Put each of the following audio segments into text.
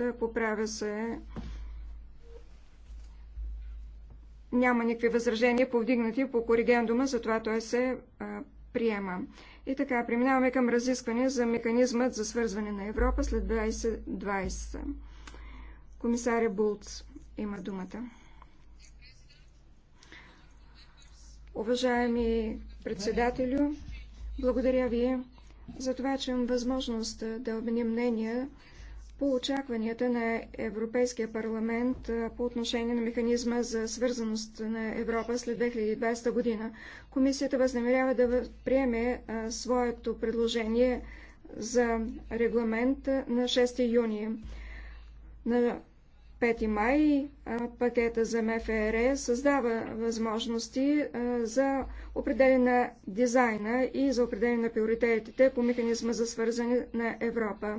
Е, поправя се. Няма никакви възражения повдигнати по коригендума, затова той се а, е, приема. И така, преминаваме към разискване за механизмът за свързване на Европа след 2020. Комисаря Булц има думата. Уважаеми председателю, благодаря ви за това, че имам възможност е, да обменим мнения по очакванията на Европейския парламент по отношение на механизма за свързаност на Европа след 2020 година. Комисията възнамерява да приеме своето предложение за регламент на 6 юни. На 5 май пакета за МФР създава възможности за определене на дизайна и за определене на приоритетите по механизма за свързане на Европа.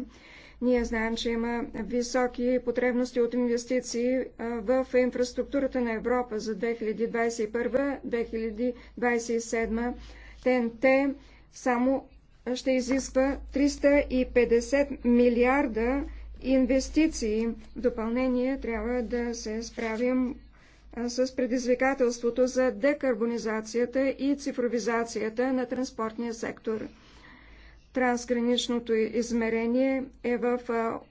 Ние знаем, че има високи потребности от инвестиции в инфраструктурата на Европа за 2021-2027. ТНТ само ще изисква 350 милиарда инвестиции. В допълнение трябва да се справим с предизвикателството за декарбонизацията и цифровизацията на транспортния сектор. Трансграничното измерение е в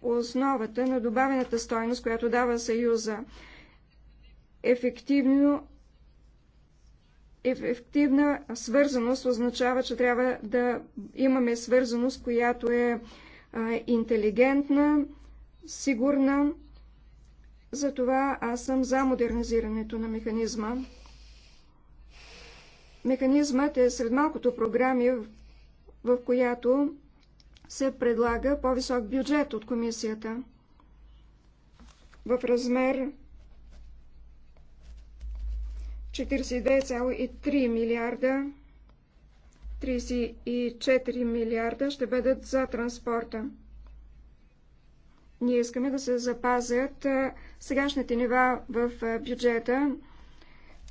основата на добавената стойност, която дава Съюза. Ефективно ефективна свързаност означава, че трябва да имаме свързаност, която е интелигентна, сигурна. Затова аз съм за модернизирането на механизма. Механизмът е сред малкото програми, в която се предлага по-висок бюджет от комисията в размер 42,3 милиарда, 34 милиарда ще бъдат за транспорта. Ние искаме да се запазят сегашните нива в бюджета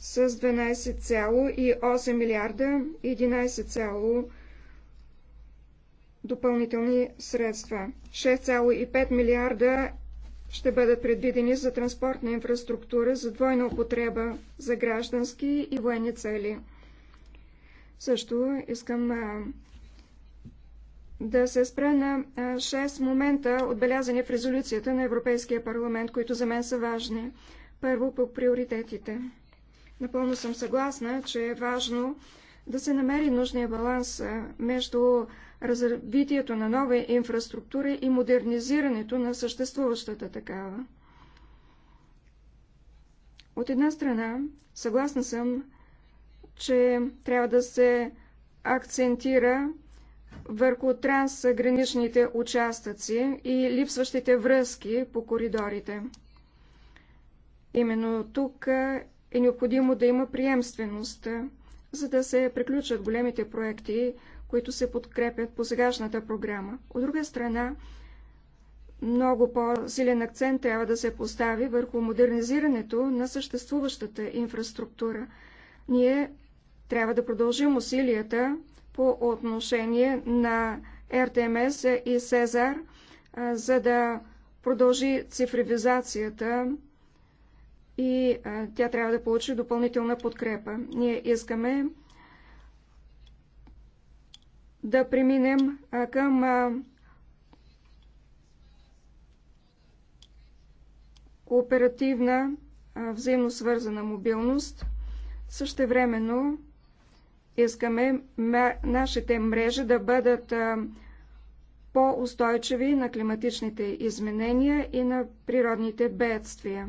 с 12,8 милиарда и допълнителни средства. 6,5 милиарда ще бъдат предвидени за транспортна инфраструктура за двойна употреба за граждански и военни цели. Също искам а, да се спра на а, 6 момента, отбелязани в резолюцията на Европейския парламент, които за мен са важни. Първо по приоритетите. Напълно съм съгласна, че е важно да се намери нужния баланс между развитието на нова инфраструктура и модернизирането на съществуващата такава. От една страна, съгласна съм, че трябва да се акцентира върху трансграничните участъци и липсващите връзки по коридорите. Именно тук е необходимо да има приемственост, за да се приключат големите проекти, които се подкрепят по сегашната програма. От друга страна, много по-силен акцент трябва да се постави върху модернизирането на съществуващата инфраструктура. Ние трябва да продължим усилията по отношение на РТМС и Сезар, за да продължи цифровизацията и тя трябва да получи допълнителна подкрепа. Ние искаме да преминем към кооперативна а, взаимосвързана мобилност. Същевременно искаме нашите мрежи да бъдат по-устойчиви на климатичните изменения и на природните бедствия.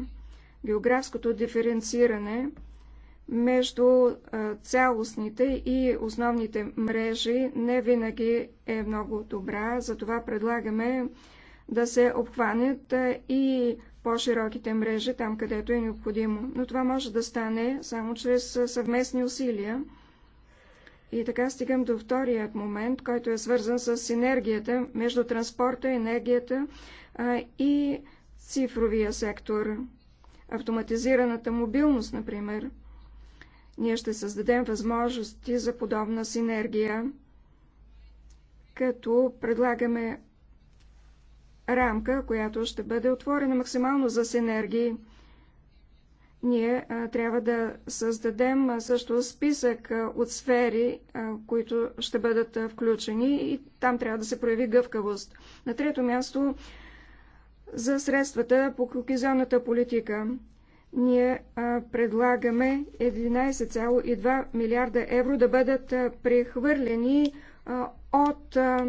Географското диференциране между цялостните и основните мрежи не винаги е много добра. Затова предлагаме да се обхванят и по-широките мрежи там, където е необходимо. Но това може да стане само чрез съвместни усилия. И така стигам до вторият момент, който е свързан с синергията между транспорта, енергията и цифровия сектор. Автоматизираната мобилност, например. Ние ще създадем възможности за подобна синергия, като предлагаме рамка, която ще бъде отворена максимално за синергии. Ние а, трябва да създадем а, също списък а, от сфери, а, които ще бъдат а, включени и там трябва да се прояви гъвкавост. На трето място за средствата по кокизионната политика ние а, предлагаме 11,2 милиарда евро да бъдат а, прехвърлени а, от а,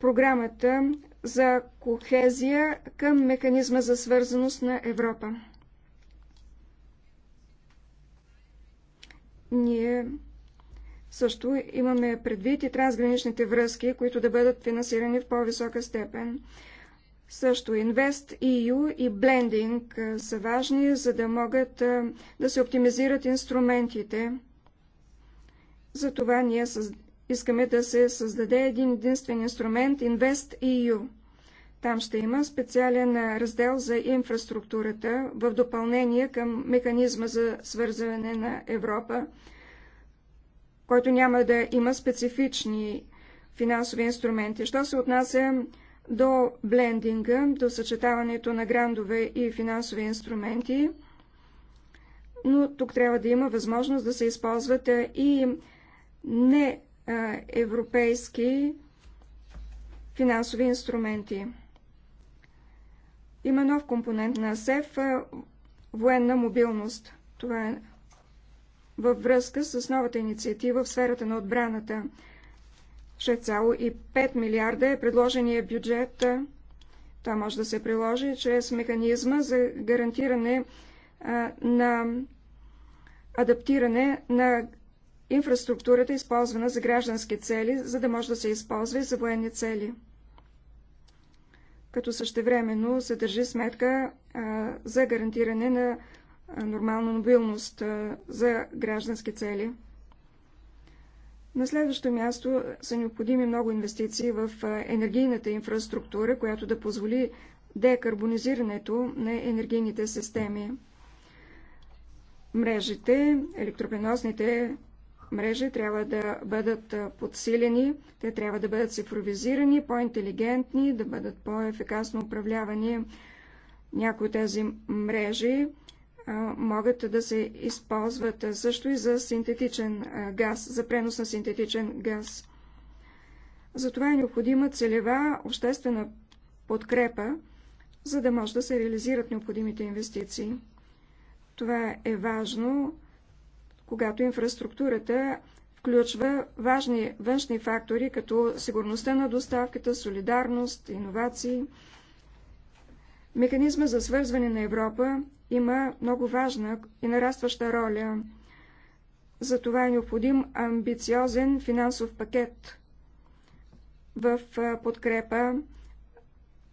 програмата за кохезия към механизма за свързаност на Европа. Ние също имаме предвид и трансграничните връзки, които да бъдат финансирани в по-висока степен. Също Invest EU и Blending са важни, за да могат да се оптимизират инструментите. Затова ние искаме да се създаде един единствен инструмент Invest EU. Там ще има специален раздел за инфраструктурата в допълнение към механизма за свързване на Европа, който няма да има специфични финансови инструменти. Що се отнася до блендинга, до съчетаването на грандове и финансови инструменти, но тук трябва да има възможност да се използват и не европейски финансови инструменти. Има нов компонент на СЕФ – военна мобилност. Това е във връзка с новата инициатива в сферата на отбраната – 6,5 милиарда е предложения бюджет. Това може да се приложи чрез механизма за гарантиране а, на адаптиране на инфраструктурата, използвана за граждански цели, за да може да се използва и за военни цели. Като същевременно се държи сметка а, за гарантиране на нормална мобилност а, за граждански цели. На следващо място са необходими много инвестиции в енергийната инфраструктура, която да позволи декарбонизирането на енергийните системи. Мрежите, електропреносните мрежи трябва да бъдат подсилени, те трябва да бъдат цифровизирани, по-интелигентни, да бъдат по-ефикасно управлявани. Някои от тези мрежи могат да се използват също и за синтетичен газ, за пренос на синтетичен газ. Затова е необходима целева обществена подкрепа, за да може да се реализират необходимите инвестиции. Това е важно, когато инфраструктурата включва важни външни фактори, като сигурността на доставката, солидарност, иновации. Механизма за свързване на Европа има много важна и нарастваща роля. За това е необходим амбициозен финансов пакет в подкрепа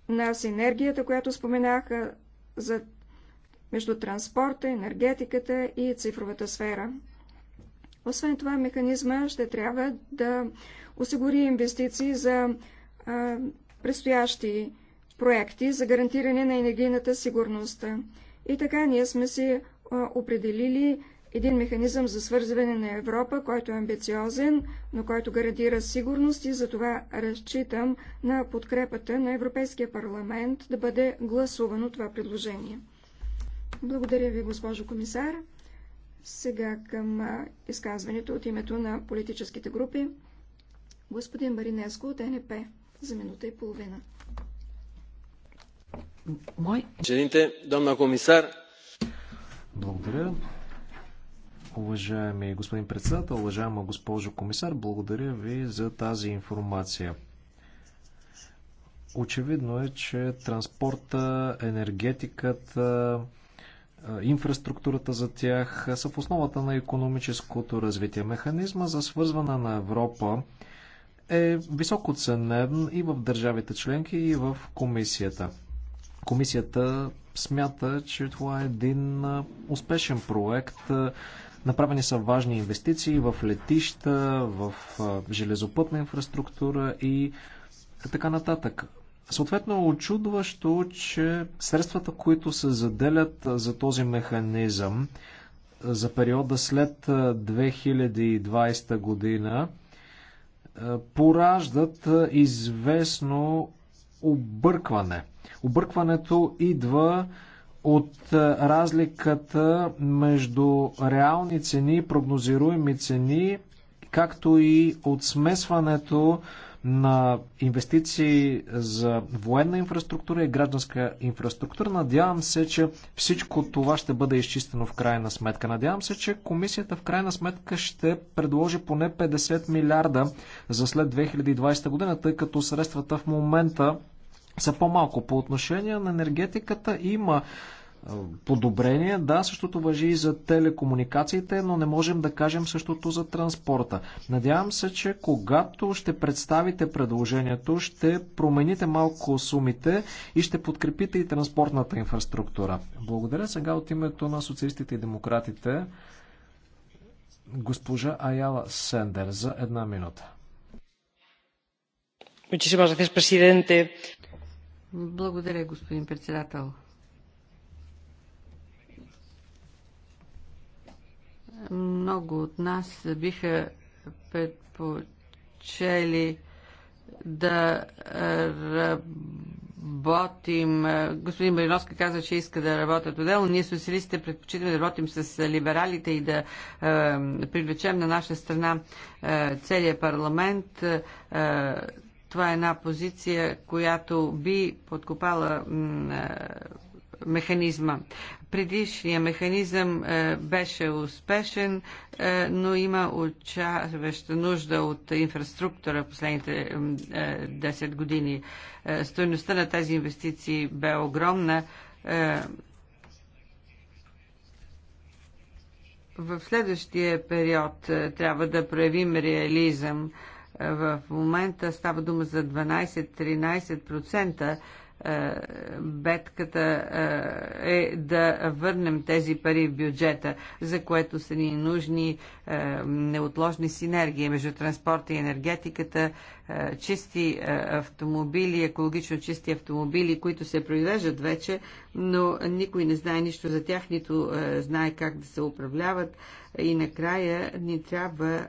на синергията, която споменаха за между транспорта, енергетиката и цифровата сфера. Освен това, механизма ще трябва да осигури инвестиции за а, предстоящи проекти за гарантиране на енергийната сигурност. И така ние сме си определили един механизъм за свързване на Европа, който е амбициозен, но който гарантира сигурност и затова разчитам на подкрепата на Европейския парламент да бъде гласувано това предложение. Благодаря ви, госпожо комисар. Сега към изказването от името на политическите групи. Господин Маринеско от НП за минута и половина. Благодаря. Уважаеми господин председател, уважаема госпожо комисар, благодаря ви за тази информация. Очевидно е, че транспорта, енергетиката, инфраструктурата за тях са в основата на економическото развитие. Механизма за свързване на Европа е високо ценен и в държавите членки, и в комисията. Комисията смята, че това е един успешен проект. Направени са важни инвестиции в летища, в железопътна инфраструктура и така нататък. Съответно, очудващо, че средствата, които се заделят за този механизъм за периода след 2020 година, пораждат известно объркване. Объркването идва от е, разликата между реални цени, и прогнозируеми цени, както и от смесването на инвестиции за военна инфраструктура и гражданска инфраструктура. Надявам се, че всичко това ще бъде изчистено в крайна сметка. Надявам се, че комисията в крайна сметка ще предложи поне 50 милиарда за след 2020 година, тъй като средствата в момента са по-малко. По отношение на енергетиката има е, подобрение. Да, същото въжи и за телекомуникациите, но не можем да кажем същото за транспорта. Надявам се, че когато ще представите предложението, ще промените малко сумите и ще подкрепите и транспортната инфраструктура. Благодаря сега от името на социалистите и демократите госпожа Аяла Сендер за една минута. Muchísimas gracias, presidente. Благодаря, господин председател. Много от нас биха предпочели да работим. Господин Мариновски каза, че иска да работят отделно. Ние социалистите предпочитаме да работим с либералите и да привлечем на наша страна целият парламент. Това е една позиция, която би подкопала механизма. Предишния механизъм е, беше успешен, е, но има очаваща нужда от инфраструктура в последните е, 10 години. Е, Стойността на тези инвестиции бе огромна. Е, в следващия период е, трябва да проявим реализъм. Е, в момента става дума за 12-13% е, бедката е, е да върнем тези пари в бюджета, за което са ни нужни е, неотложни синергии между транспорта и енергетиката, чисти автомобили, екологично чисти автомобили, които се произвеждат вече, но никой не знае нищо за тях, нито знае как да се управляват. И накрая ни трябва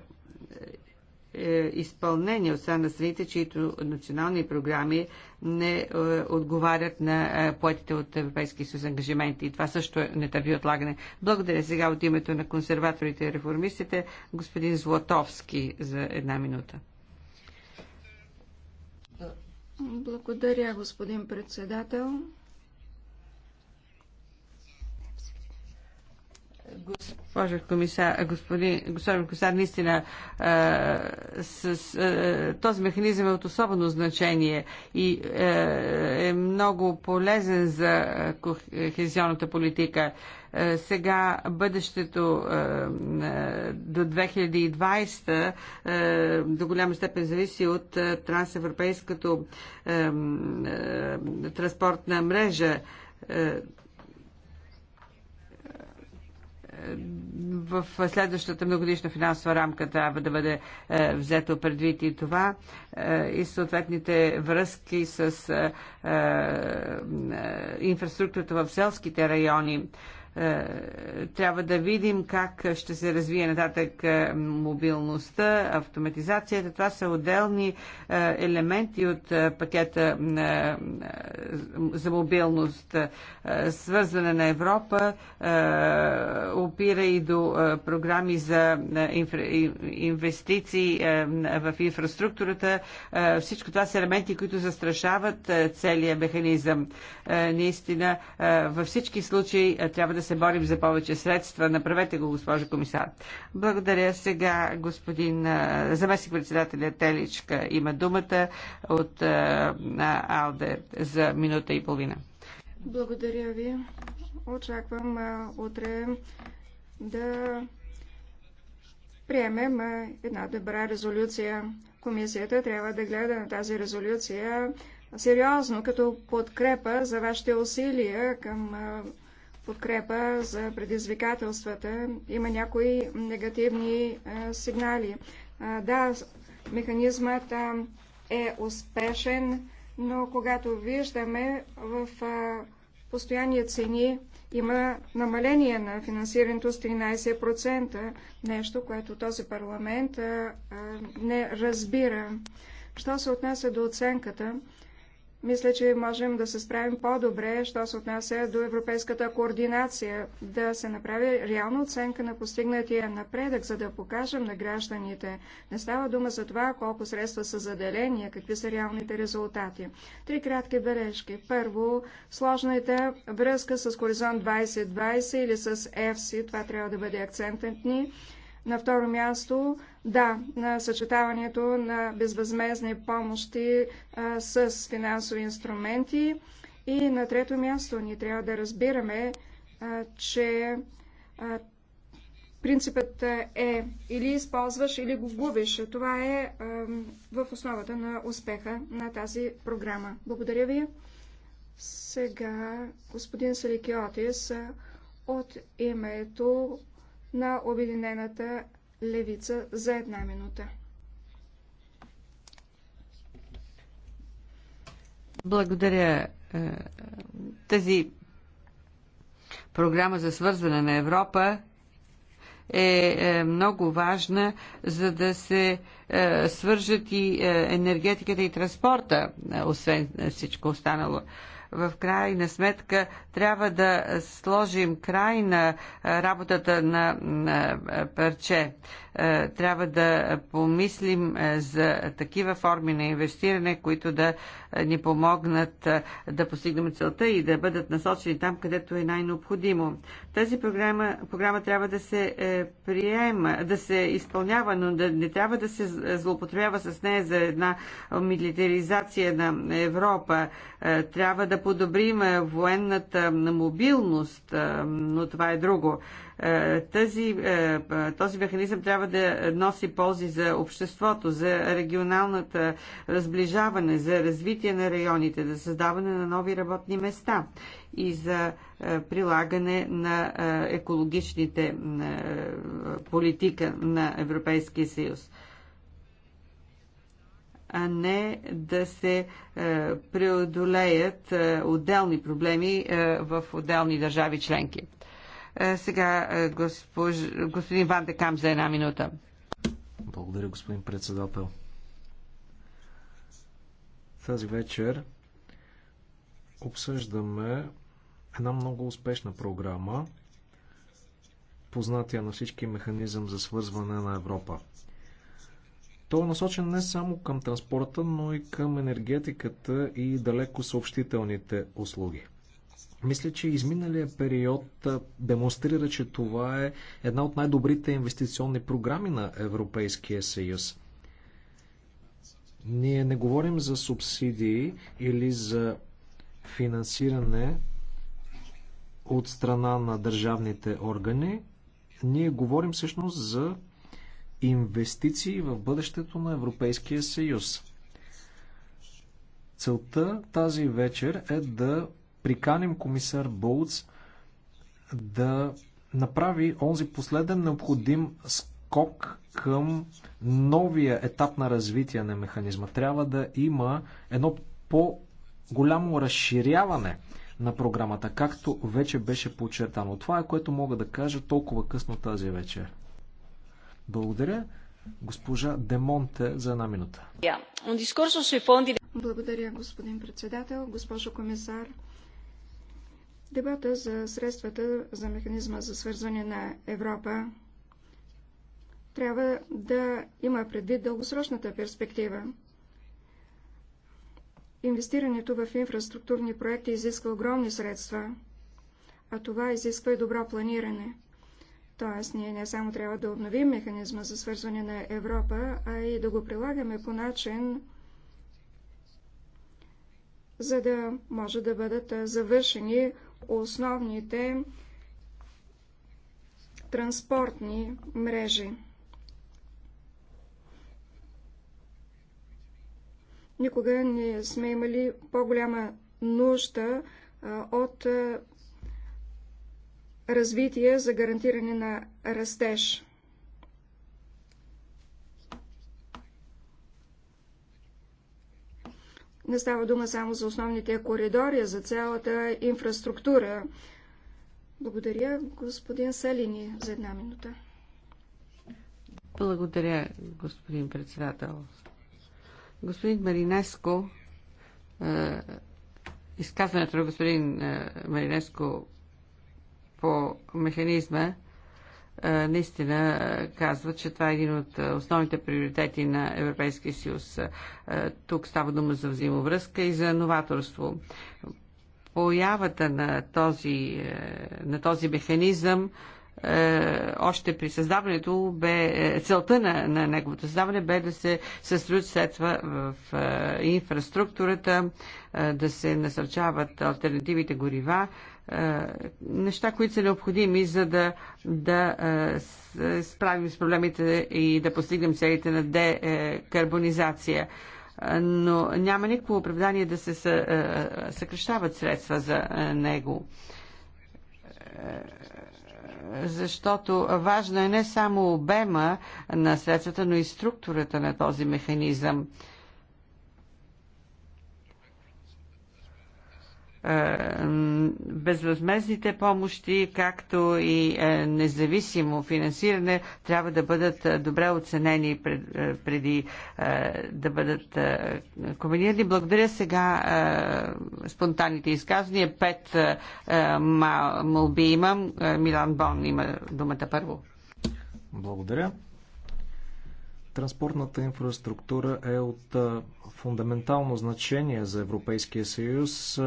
е, изпълнение от страна на страните, чието национални програми не е, отговарят на е, поетите от Европейския съюз ангажименти. И това също не търпи отлагане. Благодаря сега от името на консерваторите и реформистите, господин Златовски, за една минута. Благодаря, господин председател. Госпожо комисар, господин, господин комисар, наистина е, с, е, този механизъм е от особено значение и е, е много полезен за кохезионната политика. Е, сега бъдещето е, до 2020 е, до голяма степен зависи от е, трансевропейското е, е, транспортна мрежа. Е, в следващата многодишна финансова рамка трябва да бъде е, взето предвид и това е, и съответните връзки с е, инфраструктурата в селските райони. Е, трябва да видим как ще се развие нататък е, мобилността, автоматизацията. Това са отделни е, елементи от пакета за мобилност. Свързване на Европа опира и до програми за инвестиции в инфраструктурата. Всичко това са елементи, които застрашават целият механизъм. Наистина, във всички случаи трябва да да се борим за повече средства. Направете го, госпожо комисар. Благодаря сега господин заместник председателя Теличка има думата от Алде за минута и половина. Благодаря ви. Очаквам утре да приемем една добра резолюция. Комисията трябва да гледа на тази резолюция сериозно, като подкрепа за вашите усилия към подкрепа за предизвикателствата. Има някои негативни е, сигнали. Е, да, механизмът е, е успешен, но когато виждаме в постоянни цени има намаление на финансирането с 13%, нещо, което този парламент не разбира. Що се отнася до оценката, мисля, че можем да се справим по-добре, що се отнася до европейската координация, да се направи реална оценка на постигнатия напредък, за да покажем на гражданите. Не става дума за това колко средства са заделени, какви са реалните резултати. Три кратки бележки. Първо, сложната е връзка с Хоризонт 2020 или с EFSI, това трябва да бъде акцентът ни. На второ място, да, на съчетаването на безвъзмезни помощи а, с финансови инструменти. И на трето място, ние трябва да разбираме, а, че а, принципът е или използваш, или го губиш. Това е а, в основата на успеха на тази програма. Благодаря ви. Сега господин Селикиотис от името на Обединената левица за една минута. Благодаря. Е, тази програма за свързване на Европа е, е много важна, за да се е, свържат и енергетиката и транспорта, освен всичко останало в крайна сметка трябва да сложим край на работата на, парче. Трябва да помислим за такива форми на инвестиране, които да ни помогнат да постигнем целта и да бъдат насочени там, където е най-необходимо. Тази програма, програма трябва да се е, приема, да се изпълнява, но да не трябва да се злоупотребява с нея за една милитаризация на Европа. Е, трябва да подобрим е, военната е, мобилност, е, но това е друго. Е, тази, е, този механизъм трябва да носи ползи за обществото, за регионалната сближаване, за развитие на районите, за създаване на нови работни места и за е, прилагане на е, екологичните е, политика на Европейския съюз а не да се преодолеят отделни проблеми в отделни държави членки. Сега госпож... господин Ван Декам за една минута. Благодаря, господин председател. Тази вечер обсъждаме една много успешна програма, познатия на всички механизъм за свързване на Европа. Той е насочен не само към транспорта, но и към енергетиката и далеко съобщителните услуги. Мисля, че изминалия период демонстрира, че това е една от най-добрите инвестиционни програми на Европейския съюз. Ние не говорим за субсидии или за финансиране от страна на държавните органи, ние говорим всъщност за инвестиции в бъдещето на Европейския съюз. Целта тази вечер е да приканим комисар Болц да направи онзи последен необходим скок към новия етап на развитие на механизма. Трябва да има едно по-голямо разширяване на програмата, както вече беше подчертано. Това е което мога да кажа толкова късно тази вечер. Благодаря. Госпожа Демонте за една минута. Благодаря, господин председател, госпожо комисар. Дебата за средствата за механизма за свързване на Европа трябва да има предвид дългосрочната перспектива. Инвестирането в инфраструктурни проекти изисква огромни средства, а това изисква и добро планиране. Тоест, ние не само трябва да обновим механизма за свързване на Европа, а и да го прилагаме по начин, за да може да бъдат завършени основните транспортни мрежи. Никога не сме имали по-голяма нужда от развитие за гарантиране на растеж. Не става дума само за основните коридори, а за цялата инфраструктура. Благодаря, господин Салини, за една минута. Благодаря, господин председател. Господин Маринеско, е, изказването на господин е, Маринеско по механизма е, наистина казва, че това е един от основните приоритети на Европейския съюз. Тук става дума за взаимовръзка и за новаторство. Появата на този, на този механизъм е, още при създаването бе, е, целта на, на неговото създаване бе да се състоят средства в е, инфраструктурата, да се насърчават альтернативите горива, неща, които са необходими, за да, да справим с проблемите и да постигнем целите на декарбонизация но няма никакво оправдание да се съкрещават средства за него защото важно е не само обема на средствата, но и структурата на този механизъм. Е, безвъзмезните помощи, както и е, независимо финансиране трябва да бъдат е, добре оценени преди да бъдат комбинирани. Благодаря сега спонтанните изказвания. Пет молби имам. Милан Бон има думата първо. Благодаря. Транспортната инфраструктура е от фундаментално значение за Европейския съюз.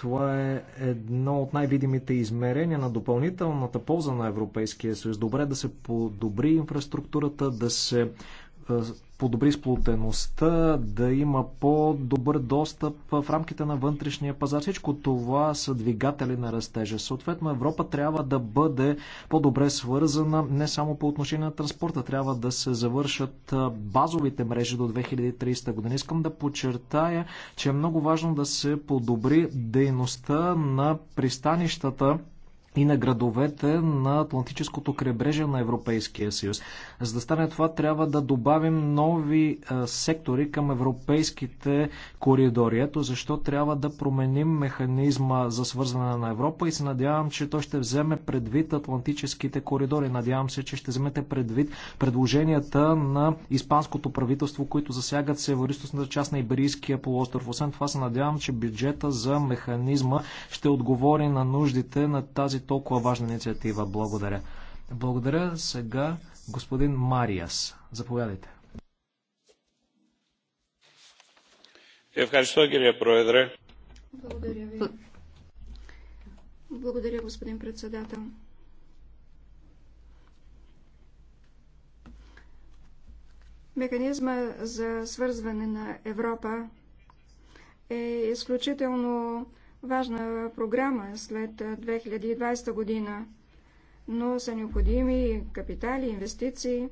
Това е едно от най-видимите измерения на допълнителната полза на Европейския съюз. Добре да се подобри инфраструктурата, да се е, подобри сплотеността, да има по-добър достъп в рамките на вътрешния пазар. Всичко това са двигатели на растежа. Съответно, Европа трябва да бъде по-добре свързана не само по отношение на транспорта, трябва да се завършат е, базовите мрежи до 2030 година. Искам да подчертая, че е много важно да се подобри дейността на пристанищата и на градовете на Атлантическото крайбрежие на Европейския съюз. За да стане това, трябва да добавим нови а, е, сектори към европейските коридори. Ето защо трябва да променим механизма за свързване на Европа и се надявам, че той ще вземе предвид Атлантическите коридори. Надявам се, че ще вземете предвид предложенията на испанското правителство, които засягат североисточната част на Иберийския полуостров. Освен това се надявам, че бюджета за механизма ще отговори на нуждите на тази тази толкова важна инициатива. Благодаря. Благодаря сега господин Мариас. Заповядайте. Благодаря ви. Благодаря, господин председател. Механизма за свързване на Европа е изключително важна програма след 2020 година, но са необходими капитали, инвестиции.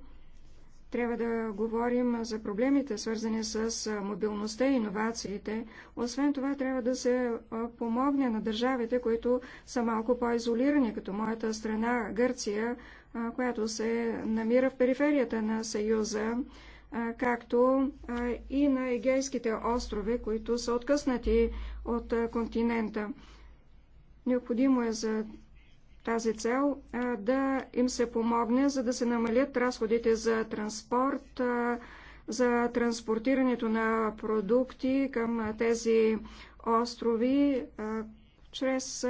Трябва да говорим за проблемите, свързани с мобилността и иновациите. Освен това, трябва да се помогне на държавите, които са малко по-изолирани, като моята страна Гърция, която се намира в периферията на Съюза както и на егейските острови, които са откъснати от континента. Необходимо е за тази цел да им се помогне, за да се намалят разходите за транспорт, за транспортирането на продукти към тези острови чрез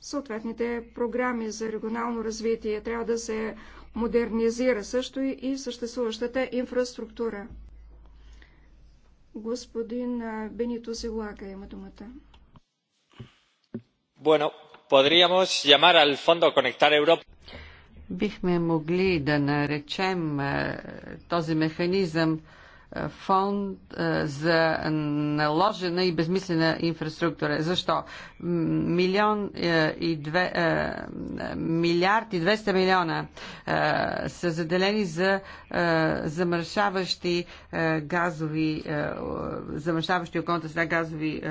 съответните програми за регионално развитие. Трябва да се модернизира също и съществуващата инфраструктура. Господин Бенито Силака има думата. Bueno, podríamos llamar al fondo Conectar Europa бихме могли да наречем този механизъм фонд за наложена и безмислена инфраструктура. Защо? Милион и две, милиард и 200 милиона са заделени за замършаващи газови, замършаващи околната среда газови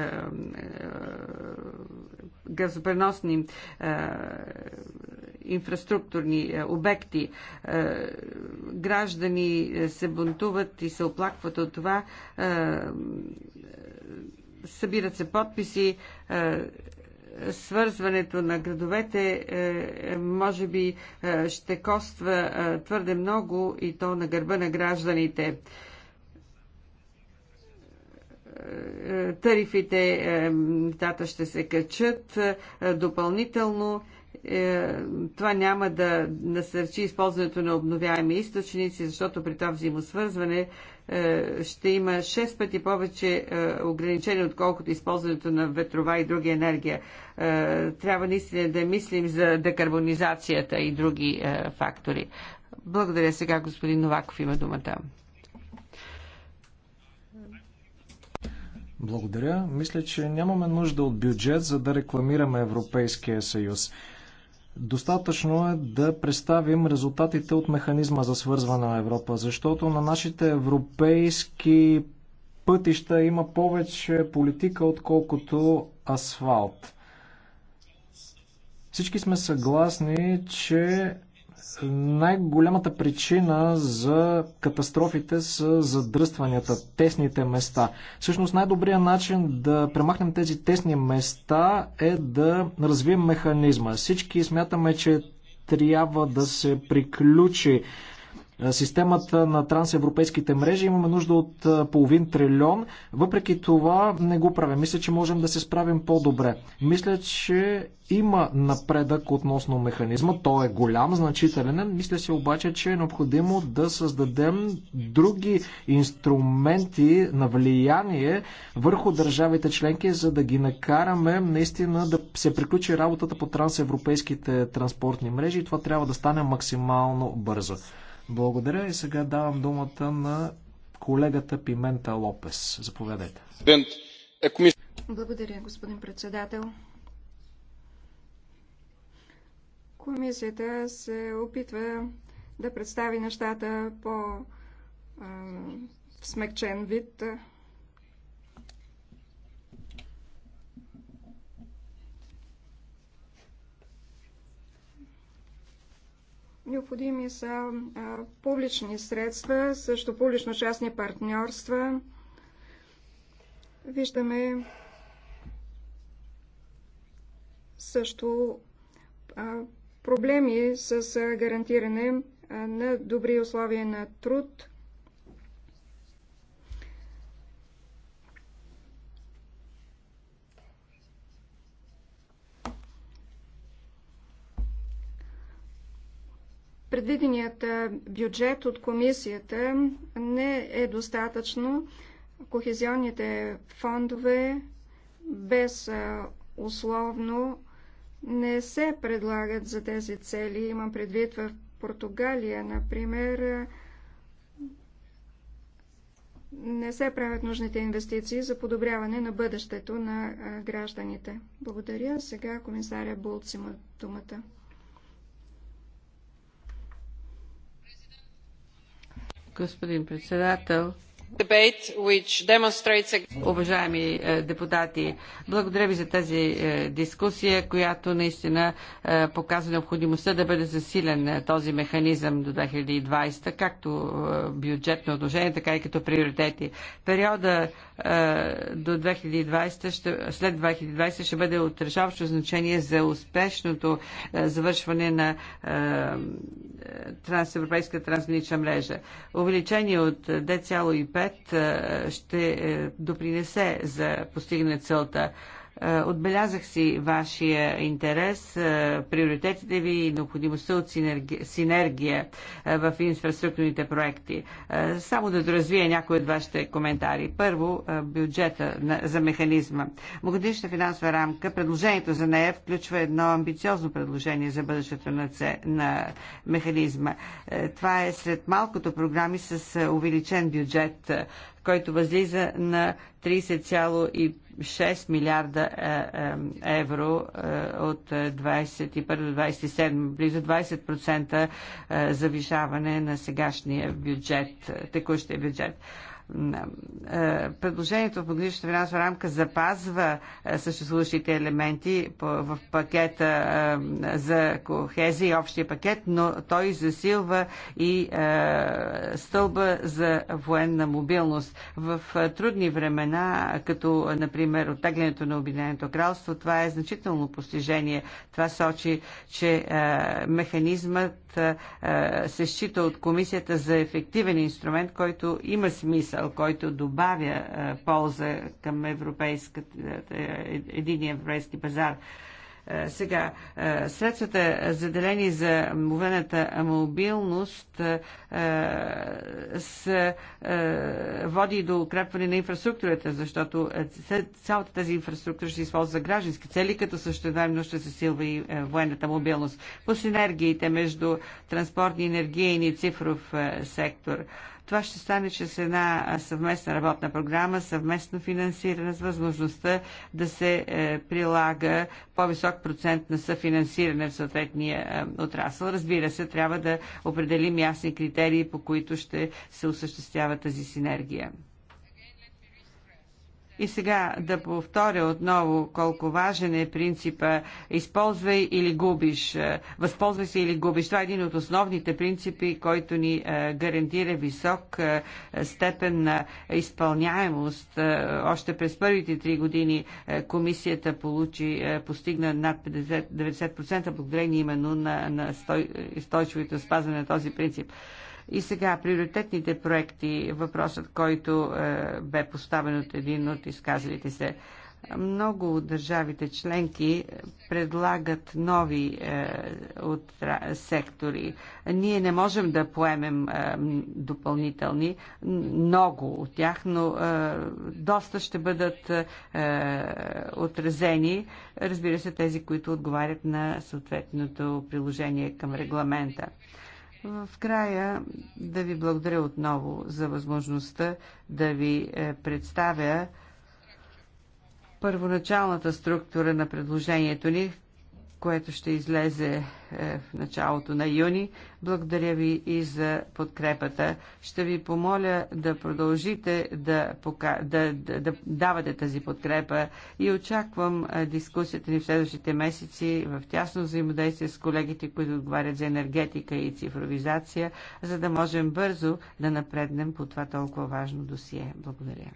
газопреносни инфраструктурни е, обекти. Е, граждани е, се бунтуват и се оплакват от това. Събират се подписи свързването на градовете може би ще коства твърде много и то на гърба на гражданите. Тарифите тата ще се качат допълнително е, това няма да насърчи използването на обновяеми източници, защото при това взаимосвързване е, ще има 6 пъти повече е, ограничения, отколкото използването на ветрова и други енергия. Трябва наистина да мислим за декарбонизацията и други фактори. Благодаря сега, господин Новаков има думата. Благодаря. Мисля, че нямаме нужда от бюджет, за да рекламираме Европейския съюз. Достатъчно е да представим резултатите от механизма за свързване на Европа, защото на нашите европейски пътища има повече политика, отколкото асфалт. Всички сме съгласни, че най-голямата причина за катастрофите са задръстванията, тесните места. Всъщност най-добрият начин да премахнем тези тесни места е да развием механизма. Всички смятаме, че трябва да се приключи е, системата на трансевропейските мрежи имаме нужда от е, половин трилион. Въпреки това не го правим. Мисля, че можем да се справим по-добре. Мисля, че има напредък относно механизма. Той е голям, значителен. Мисля се обаче, че е необходимо да създадем други инструменти на влияние върху държавите членки, за да ги накараме наистина да се приключи работата по трансевропейските транспортни мрежи и това трябва да стане максимално бързо. Благодаря и сега давам думата на колегата Пимента Лопес. Заповядайте. Благодаря, господин председател. Комисията се опитва да представи нещата по а, смекчен вид. Необходими са публични средства, също публично-частни партньорства. Виждаме също проблеми с гарантиране на добри условия на труд – Предвиденият бюджет от комисията не е достатъчно. Кохезионните фондове без условно не се предлагат за тези цели. Имам предвид в Португалия, например, не се правят нужните инвестиции за подобряване на бъдещето на гражданите. Благодаря. Сега комисаря Булц има думата. господин председател. Уважаеми е, депутати, благодаря ви за тази е, дискусия, която наистина е, показва необходимостта да бъде засилен този механизъм до 2020, както бюджетно отношение, така и като приоритети. Периода до 2020, ще, след 2020 ще бъде от решаващо значение за успешното завършване на трансевропейска трансгранична мрежа. Увеличение от 2,5 съвет ще е, допринесе за постигане целта. Е, отбелязах си вашия интерес, е, приоритетите ви и необходимостта от синергия, е, в инфраструктурните проекти. Само да доразвия някои от вашите коментари. Първо, бюджета за механизма. Многодишна финансова рамка, предложението за нея включва едно амбициозно предложение за бъдещето на, це, на механизма. Това е сред малкото програми с увеличен бюджет, който възлиза на 30,6 милиарда е, е, евро е, от 21 до 27, близо 20% завишаване на сегашния бюджет, текущия бюджет. Предложението в годишната финансова рамка запазва е, съществуващите елементи в пакета е, за кохезия и общия пакет, но той засилва и е, стълба за военна мобилност. В трудни времена, като например оттеглянето на Обединеното кралство, това е значително постижение. Това сочи, че механизмът се счита от комисията за ефективен инструмент, който има смисъл смисъл, който добавя е, полза към е, е, един европейски пазар. Сега, средствата заделени за мовената мобилност с, води до укрепване на инфраструктурата, защото цялата тази инфраструктура ще използва за граждански цели, като същевременно ще се силва и военната мобилност. По синергиите между транспортни, енергия и цифров сектор това ще стане чрез една съвместна работна програма, съвместно финансиране с възможността да се е, прилага по-висок процент на съфинансиране в съответния е, отрасъл. Разбира се, трябва да определим ясни критерии, по които ще се осъществява тази синергия. И сега да повторя отново колко важен е принципа използвай или губиш, е, възползвай се или губиш. Това е един от основните принципи, който ни е, гарантира висок е, степен на изпълняемост. Още през първите три години комисията получи, постигна над 50, 90% благодарение именно на, на стой, стойчивото спазване на този принцип. И сега, приоритетните проекти, въпросът, който е, бе поставен от един от изказалите се. Много от държавите членки е, предлагат нови е, от, сектори. Ние не можем да поемем е, допълнителни, много от тях, но е, доста ще бъдат е, отразени, разбира се, тези, които отговарят на съответното приложение към регламента. В края да ви благодаря отново за възможността да ви е, представя първоначалната структура на предложението ни, което ще излезе е, в началото на юни. Благодаря ви и за подкрепата. Ще ви помоля да продължите да, пока... да, да, да давате тази подкрепа и очаквам е, дискусията ни в следващите месеци в тясно взаимодействие с колегите, които отговарят за енергетика и цифровизация, за да можем бързо да напреднем по това толкова важно досие. Благодаря.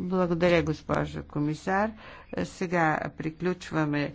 Благодаря, госпожо комисар. Е, сега приключваме